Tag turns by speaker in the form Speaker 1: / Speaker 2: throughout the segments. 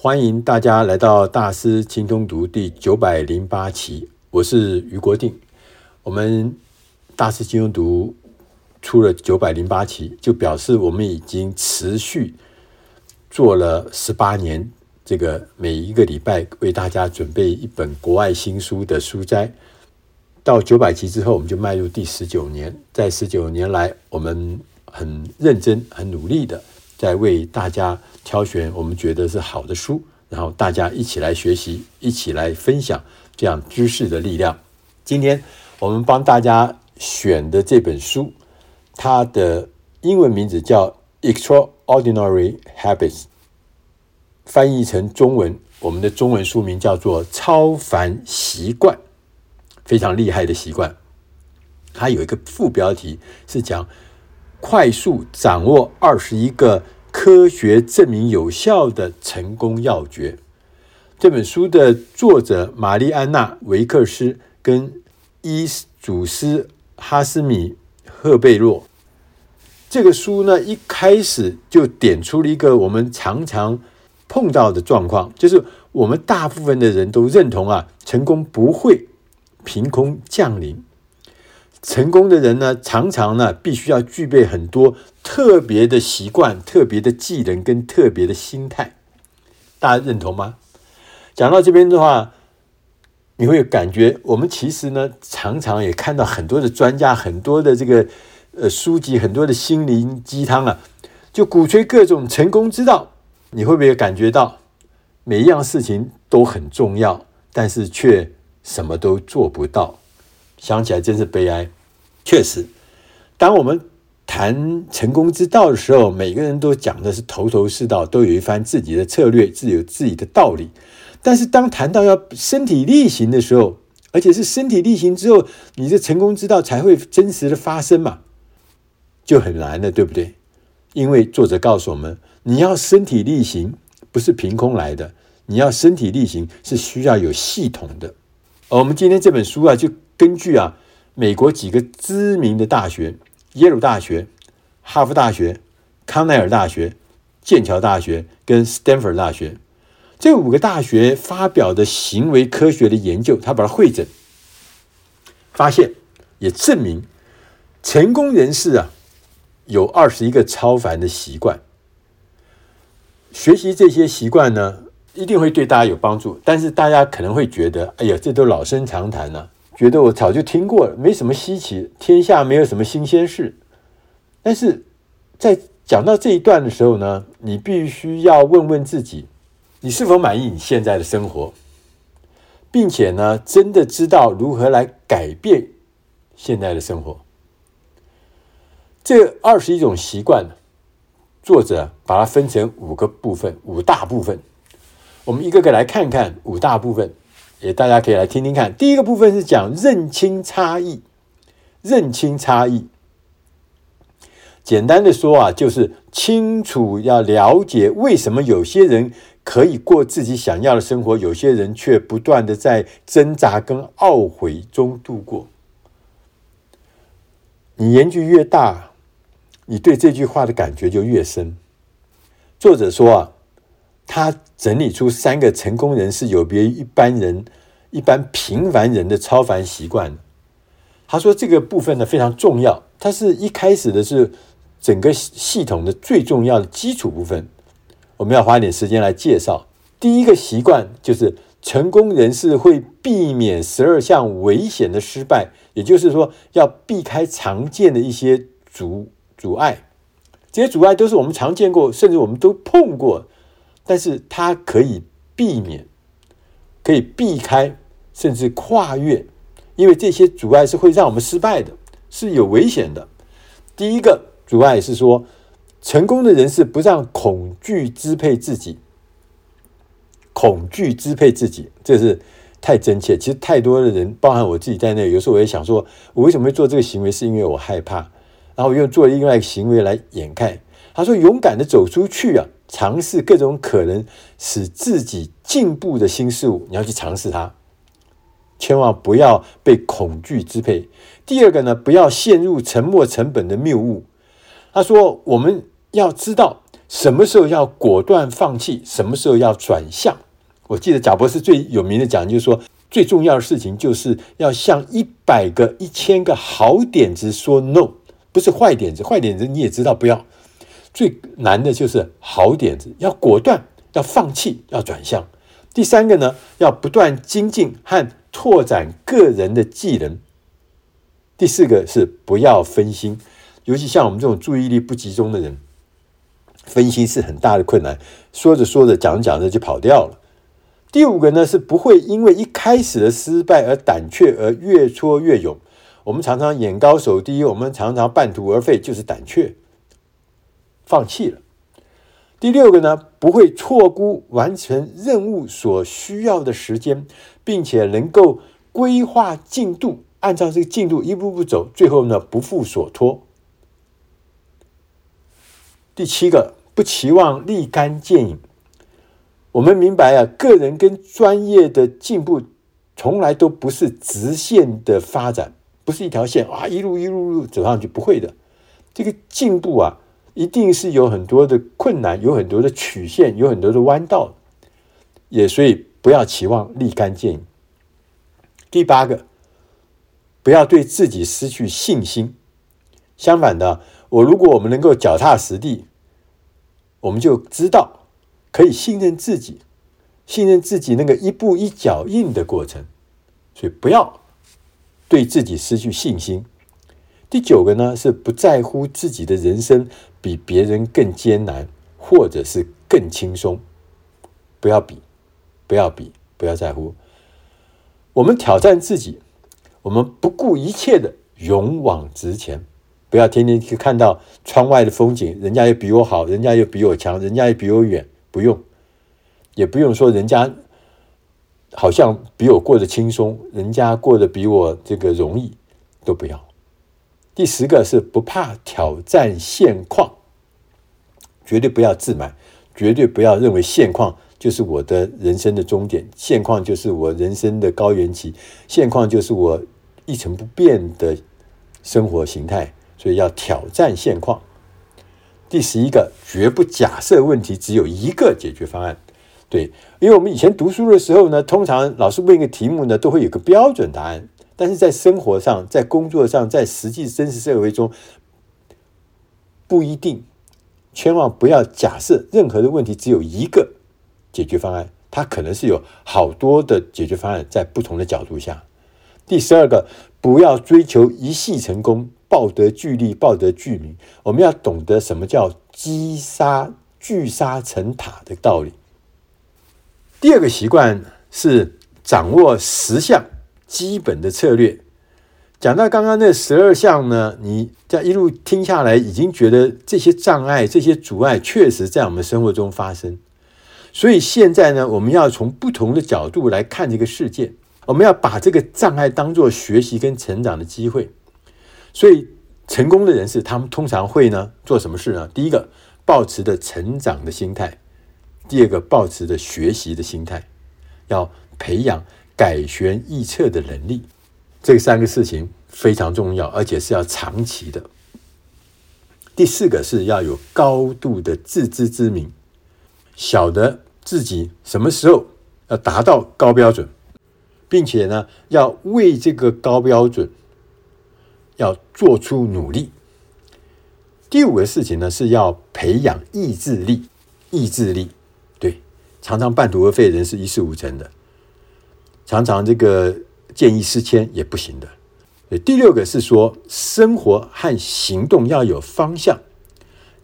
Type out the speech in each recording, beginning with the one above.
Speaker 1: 歡迎大家來到大師輕鬆讀第九百零八期，我是於國定。我們大師輕鬆讀出了九百零八期，就表示我們已經持續做了十八年。這個每一個禮拜為大家準備一本國外新書的書齋，到九百期之後，我們就邁入第十九年。在十九年來，我們很認真、很努力的。在為大家挑選我們覺得是好的書，然後大家一起來學習，一起來分享這樣知識的力量。今天我們幫大家選的這本書，它的英文名字叫《Extraordinary Habits》，翻譯成中文，我們的中文書名叫做《超凡習慣》，非常厲害的習慣。它有一個副標題是講快速掌握二十一個。科學證明有效的成功要訣。這本書的作者瑪麗安娜·維克斯跟伊祖斯·哈斯米·赫貝洛，這個書呢，一開始就點出了一個我們常常碰到的狀況，就是我們大部分的人都認同啊，成功不會憑空降臨。成功的人呢，常常呢必須要具備很多特別的習慣、特別的技能跟特別的心態，大家認同嗎？講到這邊的話，你會感覺我們其實呢常常也看到很多的專家、很多的這個呃書籍、很多的心靈雞湯啊，就鼓吹各種成功之道。你會不會感覺到每一樣事情都很重要，但是卻什麼都做不到？想起來真是悲哀。確實，當我們談成功之道的時候，每個人都講的是頭頭是道，都有一番自己的策略，自有自己的道理。但是，當談到要身體力行的時候，而且是身體力行之後，你的成功之道才會真實的發生嘛，就很難了，對不對？因為作者告訴我們，你要身體力行不是憑空來的，你要身體力行是需要有系統的。而我們今天這本書啊，就根據啊。美國幾個知名的大學，耶魯大學、哈佛大學、康奈爾大學、劍橋大學跟斯坦福大學這五個大學發表的行為科學的研究，他把它匯整，發現也證明，成功人士啊有二十一個超凡的習慣，學習這些習慣呢，一定會對大家有幫助。但是大家可能會覺得，哎呀，這都老生常談了、啊。覺得我早就聽過了，沒什麼稀奇，天下沒有什麼新鮮事。但是在講到這一段的時候呢，你必須要問問自己，你是否滿意你現在的生活？並且呢，真的知道如何來改變現在的生活。這二十一種習慣，作者把它分成五個部分，五大部分，我們一個個來看看五大部分。也大家可以來聽聽看。第一個部分是講認清差異，認清差異。簡單的說啊，就是清楚要了解為什麼有些人可以過自己想要的生活，有些人卻不斷的在掙扎跟懊悔中度過。你年紀越大，你對這句話的感覺就越深。作者說啊。他整理出三個成功人士有別於一般人，一般平凡人的超凡習慣。他說這個部分呢，非常重要，它是一開始的是整個系統的最重要的基礎部分。我們要花點時間來介紹。第一個習慣就是成功人士會避免十二項危險的失敗，也就是說要避開常見的一些阻阻礙。這些阻礙都是我們常見過，甚至我們都碰過。但是它可以避免，可以避開，甚至跨越，因為這些阻礙是會讓我們失敗的，是有危險的。第一個阻礙是說，成功的人是不讓恐懼支配自己，恐懼支配自己，這是太真切。其實太多的人，包含我自己在內，有時候我也想說，我為什麼會做這個行為，是因為我害怕，然後又做另外一個行為來掩蓋。他說：“勇敢的走出去啊，嘗試各種可能使自己進步的新事物，你要去嘗試它，千萬不要被恐懼支配。”第二個呢，不要陷入沉沒成本的謬誤。他說：“我們要知道什麼時候要果斷放棄，什麼時候要轉向。”我記得賈伯斯最有名的講就是說：“最重要的事情就是要向一百個、一千個好點子說 no，不是壞點子，壞點子你也知道不要。”最難的就是好點子，要果斷，要放棄，要轉向。第三個呢，要不斷精進和拓展個人的技能。第四個是不要分心，尤其像我們這種注意力不集中的人，分心是很大的困難。說着說着，講着講着就跑掉了。第五個呢，是不會因為一開始的失敗而膽怯，而越挫越勇。我們常常眼高手低，我們常常半途而廢，就是膽怯。放棄了。第六個呢，不會錯估完成任務所需要的時間，並且能夠規劃進度，按照這個進度一步步走，最後呢，不負所托。第七個，不期望立竿見影。我們明白啊，個人跟專業的進步從來都不是直線的發展，不是一條線啊，一路一路路走上去，不會的，這個進步啊。一定是有很多的困難，有很多的曲線，有很多的彎道，也所以不要期望立竿見影。第八個，不要對自己失去信心。相反的，我如果我們能夠腳踏實地，我們就知道可以信任自己，信任自己那個一步一腳印的過程，所以不要對自己失去信心。第九個呢，是不在乎自己的人生比別人更艱難，或者是更輕鬆。不要比，不要比，不要在乎。我們挑戰自己，我們不顧一切的勇往直前。不要天天去看到窗外的風景，人家又比我好，人家又比我強，人家又比我遠。不用，也不用說人家好像比我過得輕鬆，人家過得比我這個容易，都不要。第十個是不怕挑戰現況，絕對不要自滿，絕對不要認為現況就是我的人生的終點，現況就是我人生的高原期，現況就是我一成不變的生活形態，所以要挑戰現況。第十一個，絕不假設問題只有一個解決方案。對，因為我們以前讀書的時候呢，通常老師問一個題目呢，都會有個標準答案。但是在生活上，在工作上，在實際真實社會中，不一定，千萬不要假設任何的問題只有一個解決方案，它可能是有好多的解決方案，在不同的角度下。第十二個，不要追求一夕成功，暴得巨利，暴得巨名。我們要懂得什麼叫積沙聚沙成塔的道理。第二個習慣是掌握實相。基本的策略，講到剛剛那十二項呢，你在一路聽下來，已經覺得這些障礙、這些阻礙確實在我們生活中發生。所以現在呢，我們要從不同的角度來看這個世界，我們要把這個障礙當作學習跟成長的機會。所以成功的人士，他們通常會呢做什麼事呢？第一個，抱持着成長的心態；第二個，抱持着學習的心態，要培養。改弦易轍的能力，這三個事情非常重要，而且是要長期的。第四個是要有高度的自知之明，曉得自己什麼時候要達到高標準，並且呢，要為這個高標準要做出努力。第五個事情呢，是要培養意志力，意志力，對，常常半途而廢的人是一事無成的。常常這個見異思遷也不行的。第六個是說，生活和行動要有方向，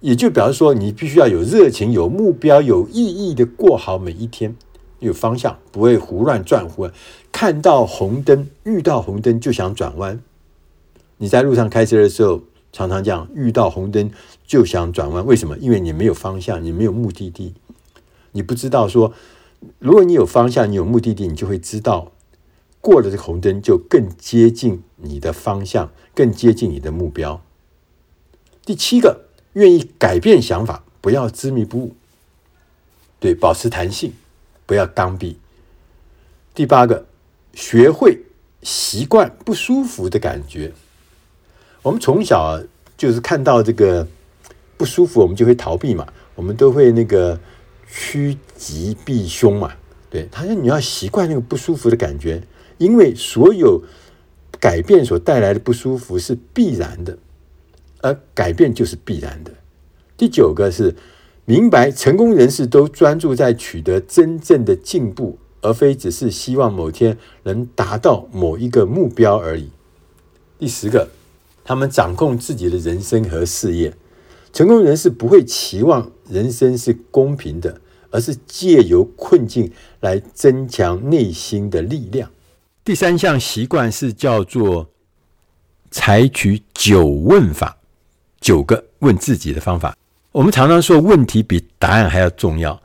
Speaker 1: 也就表示說，你必須要有熱情、有目標、有意義的過好每一天，有方向，不會胡亂轉、胡亂。看到紅燈，遇到紅燈就想轉彎。你在路上開車的時候，常常這樣，遇到紅燈就想轉彎，為什麼？因為你沒有方向，你沒有目的地，你不知道說。如果你有方向，你有目的地，你就會知道過了這個紅燈就更接近你的方向，更接近你的目標。第七個，願意改變想法，不要執迷不悟。對，保持彈性，不要剛愎。第八個，學會習慣不舒服的感覺。我們從小就是看到這個不舒服，我們就會逃避嘛，我們都會那個。趨吉避凶嘛、啊，對。他說你要習慣那個不舒服的感覺，因為所有改變所帶來的不舒服是必然的，而改變就是必然的。第九個是明白，成功人士都專注在取得真正的進步，而非只是希望某天能達到某一個目標而已。第十個，他們掌控自己的人生和事業，成功人士不會期望人生是公平的，而是借由困境來增強內心的力量。第三項習慣是叫做採取九問法，九個問自己的方法。我們常常說問題比答案還要重要，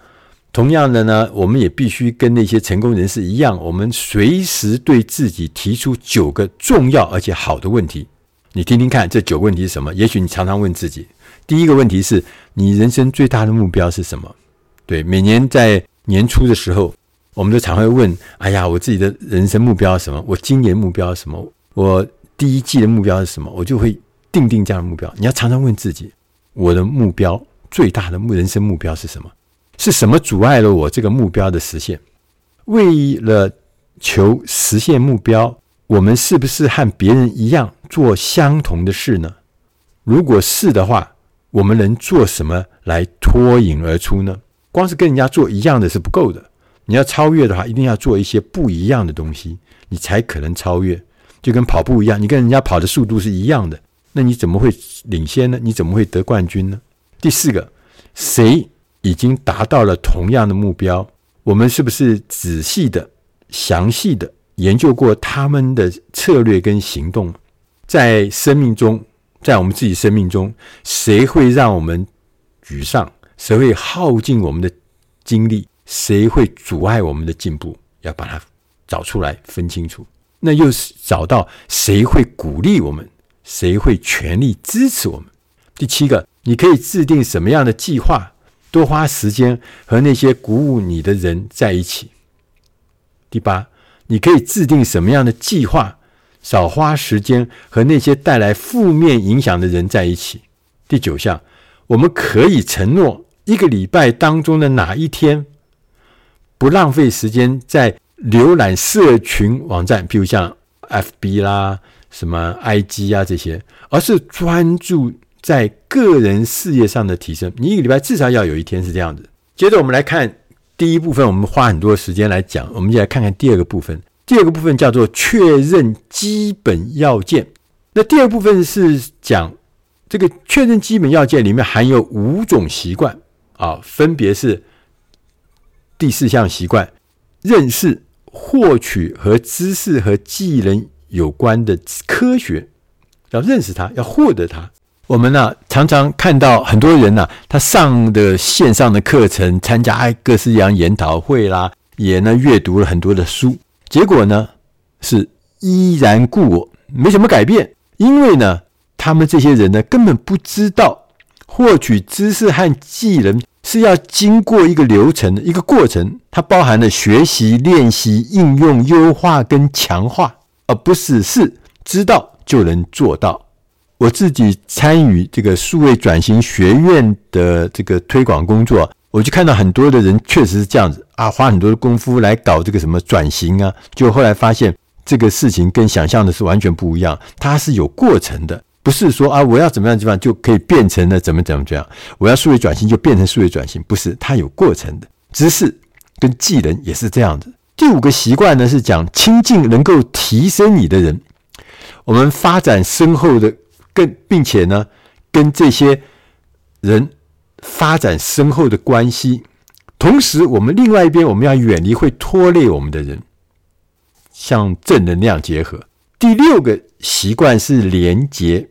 Speaker 1: 同樣的呢，我們也必須跟那些成功人士一樣，我們隨時對自己提出九個重要而且好的問題。你聽聽看，這九個問題是什麼？也許你常常問自己。第一個問題是，你人生最大的目標是什麼？對，每年在年初的時候，我們都常會問，哎呀，我自己的人生目標是什麼？我今年目標是什麼？我第一季的目標是什麼？我就會定定這樣的目標。你要常常問自己，我的目標最大的目人生目標是什麼？是什麼阻礙了我這個目標的實現？為了求實現目標，我們是不是和別人一樣做相同的事呢？如果是的話，我們能做什麼來脫穎而出呢？光是跟人家做一樣的是不夠的。你要超越的話，一定要做一些不一樣的東西，你才可能超越。就跟跑步一樣，你跟人家跑的速度是一樣的，那你怎麼會領先呢？你怎麼會得冠軍呢？第四個，誰已經達到了同樣的目標？我們是不是仔細的、詳細的研究過他們的策略跟行動，在生命中？在我們自己生命中，誰會讓我們沮喪？誰會耗盡我們的精力？誰會阻礙我們的進步？要把它找出來，分清楚。那又是找到誰會鼓勵我們？誰會全力支持我們？第七個，你可以制定什麼樣的計劃？多花時間和那些鼓舞你的人在一起。第八，你可以制定什麼樣的計劃？少花時間和那些帶來負面影響的人在一起。第九項，我們可以承諾一個禮拜當中的哪一天不浪費時間在瀏覽社群網站，比如像 FB 啦、什麼 IG 啊這些，而是專注在個人事業上的提升。你一個禮拜至少要有一天是這樣子。接着我們來看第一部分，我們花很多時間來講，我們就來看看第二個部分。第二個部分叫做確認基本要件。那第二部分是講這個確認基本要件裡面含有五種習慣啊，分別是第四項習慣：認識、獲取和知識和技能有關的科學，要認識它，要獲得它。我們呢、啊、常常看到很多人呢、啊，他上的線上的課程，參加各式各樣研討會啦，也呢閱讀了很多的書。結果呢，是依然故我，沒什麼改變。因為呢，他們這些人呢，根本不知道獲取知識和技能是要經過一個流程的，一個過程，它包含了學習、練習、應用、優化跟強化，而不是是知道就能做到。我自己參與這個數位轉型學院的這個推廣工作。我就看到很多的人確實是這樣子啊，花很多的功夫來搞這個什麼轉型啊，就後來發現這個事情跟想象的是完全不一樣，它是有過程的，不是說啊，我要怎麼樣怎麼樣就可以變成了怎麼怎麼怎樣，我要數位轉型就變成數位轉型，不是，它有過程的，知識跟技能也是這樣子。第五個習慣呢是講親近能夠提升你的人，我們發展深厚的更，並且呢跟這些人。發展深厚的關係，同時我們另外一邊，我們要遠離會拖累我們的人，向正能量結合。第六個習慣是連接、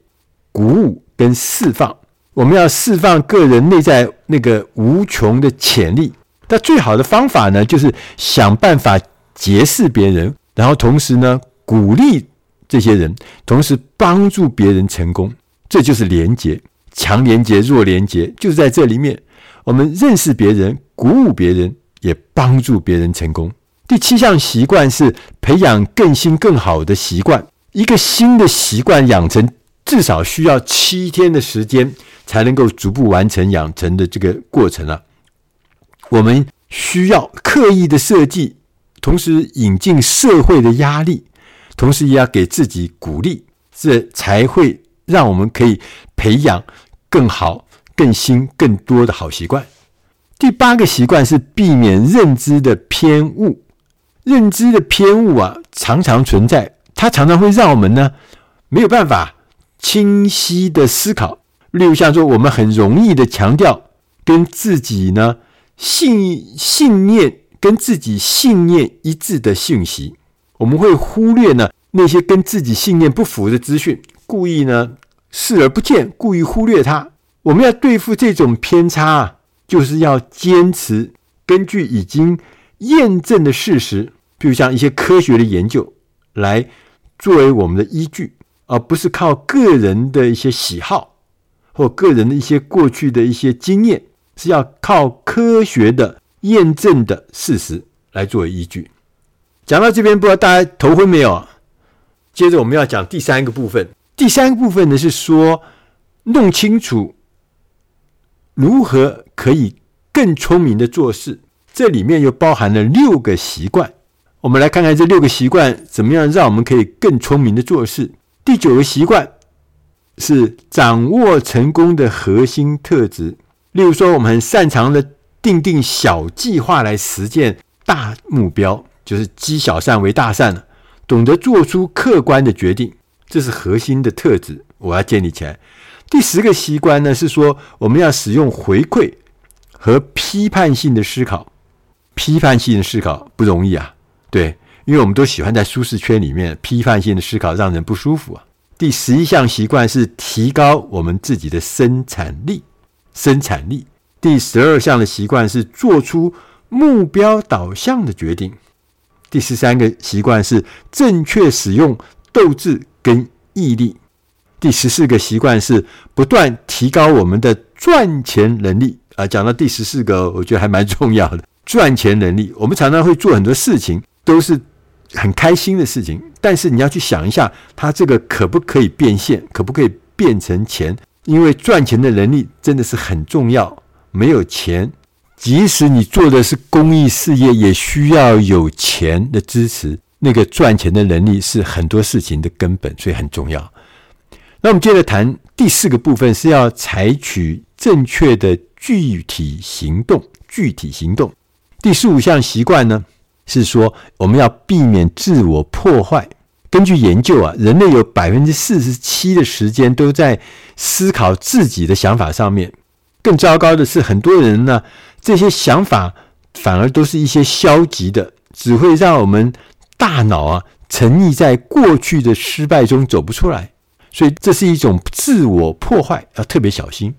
Speaker 1: 鼓舞跟釋放。我們要釋放個人內在那個無窮的潛力，那最好的方法呢，就是想辦法結識別人，然後同時呢鼓勵這些人，同時幫助別人成功，這就是連接。強連接、弱連接，就在這裡面。我們認識別人，鼓舞別人，也幫助別人成功。第七項習慣是培養更新更好的習慣。一個新的習慣養成，至少需要七天的時間，才能夠逐步完成養成的這個過程啊。我們需要刻意的設計，同時引進社會的壓力，同時也要給自己鼓勵，這才會讓我們可以培養。更好、更新、更多的好習慣。第八個習慣是避免認知的偏誤。認知的偏誤啊，常常存在，它常常會讓我們呢沒有辦法清晰地思考。例如像說，我們很容易地強調跟自己呢信信念跟自己信念一致的信息，我們會忽略呢那些跟自己信念不符的資訊，故意呢。視而不見，故意忽略它。我們要對付這種偏差啊，就是要堅持根據已經驗證的事實，比如像一些科學的研究，來作為我們的依據，而不是靠個人的一些喜好或個人的一些過去的一些經驗，是要靠科學的驗證的事實來作為依據。講到這邊，不知道大家頭昏沒有啊？接着我們要講第三個部分。第三部分呢，是說弄清楚如何可以更聰明的做事，這裡面又包含了六個習慣。我們來看看這六個習慣怎麼樣讓我們可以更聰明的做事。第九個習慣是掌握成功的核心特質，例如說我們很擅長的訂定小計劃來實踐大目標，就是積小善為大善了，懂得做出客觀的決定。這是核心的特質，我要建立起來。第十個習慣呢，是說我們要使用回饋和批判性的思考。批判性的思考不容易啊，對，因為我們都喜歡在舒適圈裡面。批判性的思考讓人不舒服啊。第十一項習慣是提高我們自己的生產力。生產力。第十二項的習慣是做出目標導向的決定。第十三個習慣是正確使用鬥志。跟毅力。第十四個習慣是不斷提高我們的賺錢能力啊。呃，講到第十四個，我覺得還蠻重要的。賺錢能力，我們常常會做很多事情，都是很開心的事情，但是你要去想一下，它這個可不可以變現，可不可以變成錢？因為賺錢的能力真的是很重要。沒有錢，即使你做的是公益事業，也需要有錢的支持。那個賺錢的能力是很多事情的根本，所以很重要。那我們接着談第四個部分，是要採取正確的具體行動。具體行動，第十五項習慣呢，是說我們要避免自我破壞。根據研究啊，人類有百分之四十七的時間都在思考自己的想法上面。更糟糕的是，很多人呢，這些想法反而都是一些消極的，只會讓我們。大腦啊，沉溺在過去的失敗中走不出來，所以這是一種自我破壞，要特別小心。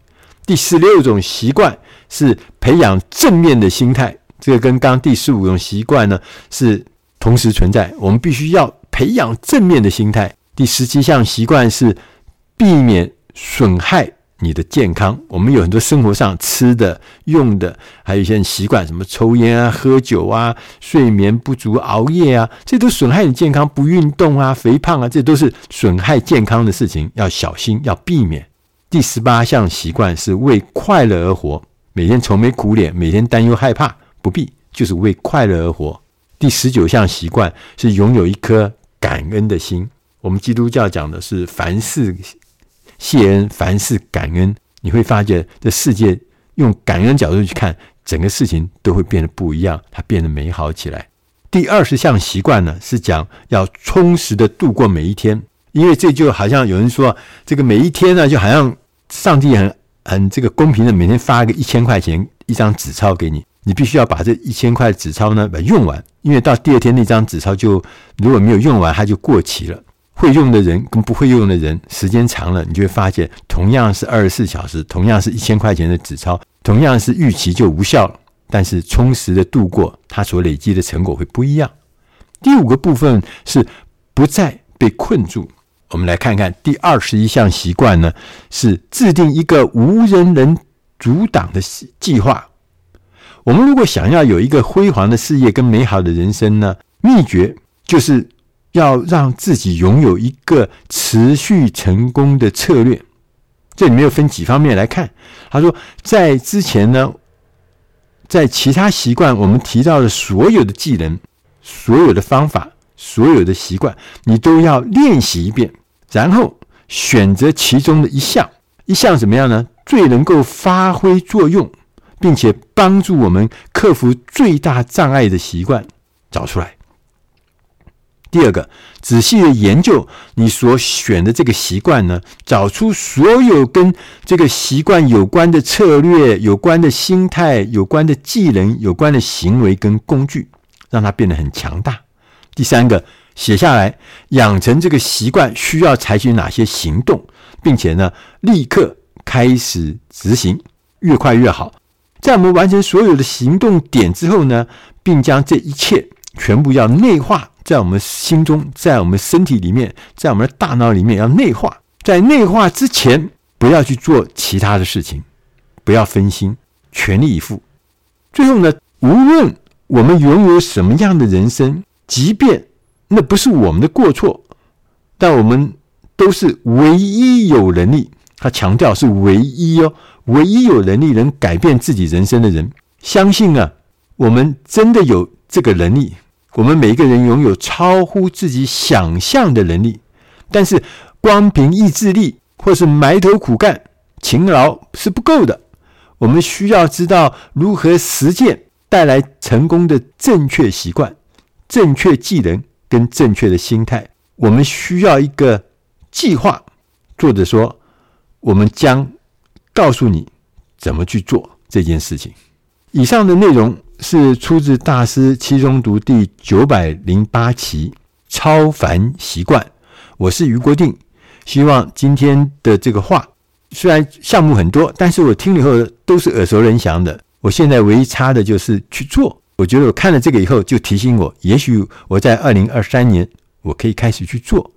Speaker 1: 第十六種習慣是培養正面的心態，這個跟剛剛第十五種習慣呢，是同時存在。我們必須要培養正面的心態。第十七項習慣是避免損害你的健康，我們有很多生活上吃的、用的，還有一些習慣，什麼抽菸啊、喝酒啊、睡眠不足、熬夜啊，這都損害你健康。不運動啊、肥胖啊，這都是損害健康的事情，要小心，要避免。第十八項習慣是為快樂而活，每天愁眉苦臉，每天擔憂害怕，不必，就是為快樂而活。第十九項習慣是擁有一顆感恩的心，我們基督教講的是凡事。謝恩，凡事感恩，你會發覺這世界用感恩的角度去看，整個事情都會變得不一樣，它變得美好起來。第二十項習慣呢，是講要充實的度過每一天，因為這就好像有人說，這個每一天呢，就好像上帝很很這個公平的每天發個一千塊錢一張紙鈔給你，你必須要把這一千塊紙鈔呢把它用完，因為到第二天那張紙鈔就如果沒有用完，它就過期了。會用的人跟不會用的人，時間長了，你就會發現，同樣是二十四小時，同樣是一千塊錢的紙鈔，同樣是預期就無效了。但是充實的度過，它所累積的成果會不一樣。第五個部分是不再被困住。我們來看看第二十一項習慣呢，是制定一個無人能阻擋的計劃。我們如果想要有一個輝煌的事業跟美好的人生呢，祕訣就是。要讓自己擁有一個持續成功的策略，這裡面又分幾方面來看。他說，在之前呢，在其他習慣我們提到的所有的技能、所有的方法、所有的習慣，你都要練習一遍，然後選擇其中的一項，一項怎麼樣呢？最能夠發揮作用，並且幫助我們克服最大障礙的習慣，找出來。第二個，仔細的研究你所選的這個習慣呢，找出所有跟這個習慣有關的策略、有關的心態、有關的技能、有關的行為跟工具，讓它變得很強大。第三個，寫下來，養成這個習慣需要採取哪些行動，並且呢，立刻開始執行，越快越好。在我們完成所有的行動點之後呢，並將這一切全部要內化。在我們心中，在我們身體裡面，在我們的大腦裡面，要內化。在內化之前，不要去做其他的事情，不要分心，全力以赴。最後呢，無論我們擁有什麼樣的人生，即便那不是我們的過錯，但我們都是唯一有能力。他強調是唯一哦，唯一有能力能改變自己人生的人。相信啊，我們真的有這個能力。我們每一個人擁有超乎自己想象的能力，但是光憑意志力或是埋頭苦幹、勤勞是不夠的。我們需要知道如何實踐帶來成功的正確習慣、正確技能跟正確的心態。我們需要一個計劃。作者說：“我們將告訴你怎麼去做這件事情。”以上的內容。是出自大師輕鬆讀第九百零八期《超凡習慣》。我是於國定，希望今天的這個話，雖然項目很多，但是我聽了以後都是耳熟能詳的。我現在唯一差的就是去做。我覺得我看了這個以後，就提醒我，也許我在二零二三年，我可以開始去做，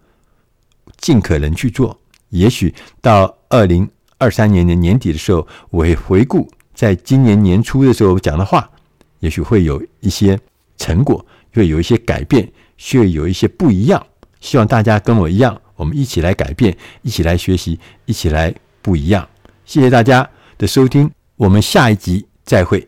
Speaker 1: 盡可能去做。也許到二零二三年的年底的時候，我會回顧，在今年年初的時候講的話。也許會有一些成果，會有一些改變，需要有一些不一樣。希望大家跟我一樣，我們一起來改變，一起來學習，一起來不一樣。謝謝大家的收聽，我們下一集再會。